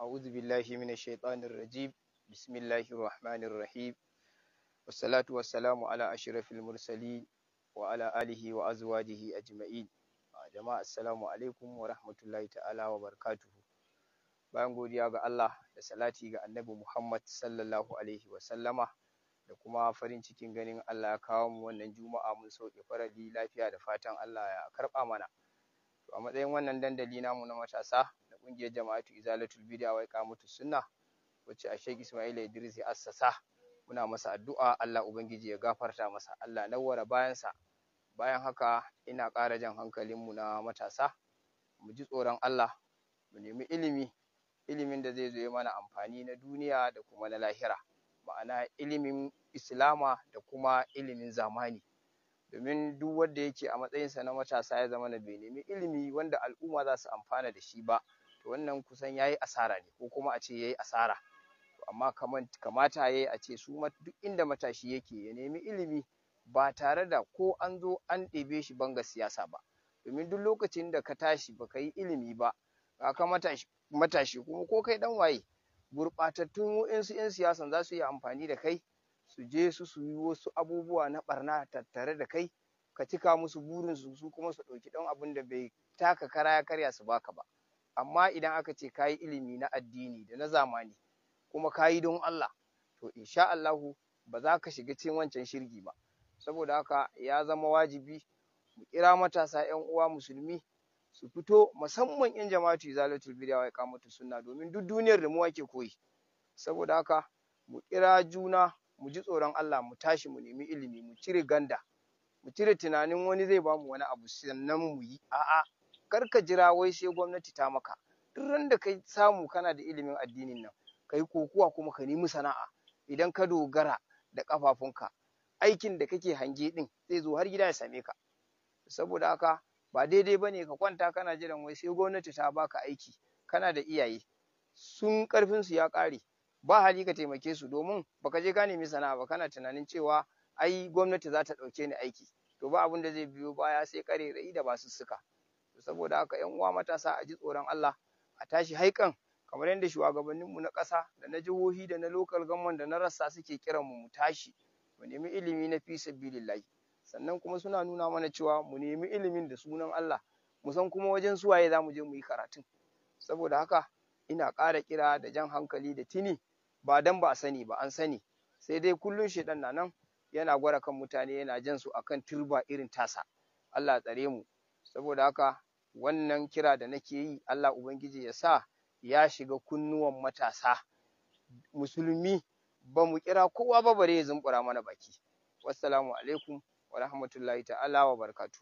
أعوذ بالله من الشيطان الرجيم بسم الله الرحمن الرحيم والصلاة والسلام على أشرف المرسلين وعلى آله وأزواجه أجمعين jama'a assalamu alaikum wa rahmatullahi ta'ala wa bayan godiya ga Allah da salati ga annabi Muhammad sallallahu alaihi sallama da kuma farin cikin ganin Allah ya kawo mu wannan juma'a mun sauke faralli, lafiya da fatan Allah ya karɓa mana to a matsayin wannan dandali namu na matasa kungiyar jama'atu izalatul bid'a wa iqamatu sunna wacce a Sheikh Ismail Idris ya assasa muna masa addu'a Allah ubangiji ya gafarta masa Allah nawwara bayansa bayan haka ina ƙara jan hankalin mu na matasa mu ji tsoron Allah mu nemi ilimi ilimin da zai zo mana amfani na duniya da kuma na lahira ma'ana ilimin islama da kuma ilimin zamani domin duk wanda yake a matsayinsa na matasa ya zama na bai nemi ilimi wanda al'umma za su amfana da shi ba to wannan kusan yayi asara ne ko kuma a ce yayi asara To amma kamata yayi a ce su duk inda matashi yake ya nemi ilimi ba tare da ko an zo an ɗebe shi banga siyasa ba domin duk lokacin da ka tashi baka yi ilimi ba ka matashi matashi kuma ko kai dan waye gurɓatattun wa'insu 'yan siyasan za su yi amfani da kai su je su su yi wasu abubuwa na ɓarna tattare da kai ka cika musu burinsu su kuma su ɗauki ɗan abin da bai taka kara ya karya su baka ba amma idan aka ce kayi ilimi na addini da na zamani kuma kayi don Allah to insha Allahu ba za ka shiga cikin wancan shirgi ba saboda haka ya zama wajibi mu kira matasa ƴan uwa musulmi su fito musamman ƴan jama'atu zalatul bidaya wa iqamatu sunna domin duk duniyar da mu wake koyi saboda haka mu kira juna mu ji tsoron Allah mu tashi mu nemi ilimi mu cire ganda mu cire tunanin wani zai bamu wani abu sannan mu yi a'a kar ka jira wai sai gwamnati ta maka duk randa ka samu kana da ilimin addinin nan ka yi kokuwa kuma ka nemi sana'a idan ka dogara da ƙafafunka aikin da kake hange ɗin zai zo har gida ya same ka saboda haka ba daidai ba ne ka kwanta kana jiran wai sai gwamnati ta baka aiki kana da iyaye sun su ya kare, ba hali ka taimake su domin baka je ka nemi sana'a ba kana tunanin cewa ai gwamnati za ta ɗauke ni aiki to ba abin da zai biyo baya sai ƙarerayi da basussuka saboda haka yan uwa matasa a ji tsoron Allah a tashi haikan kamar yadda shugabanninmu na ƙasa da na jihohi da na lokal government da na rassa suke kiran mu mu tashi mu nemi ilimi na fi sabilillahi sannan kuma suna nuna mana cewa mu nemi ilimin da sunan Allah mu san kuma wajen suwaye za mu je mu yi karatun saboda haka ina ƙara kira da jan hankali da tini ba dan ba sani ba an sani sai dai kullum shedan na nan yana gwara kan mutane yana jan su akan turba irin tasa Allah tsare mu saboda haka wannan kira da nake yi Allah Ubangiji ya sa ya shiga kunnuwan matasa musulmi ba mu kira kowa ba bare ya zumbura mana baki wassalamu alaikum wa rahmatullahi ta'ala wa barkatu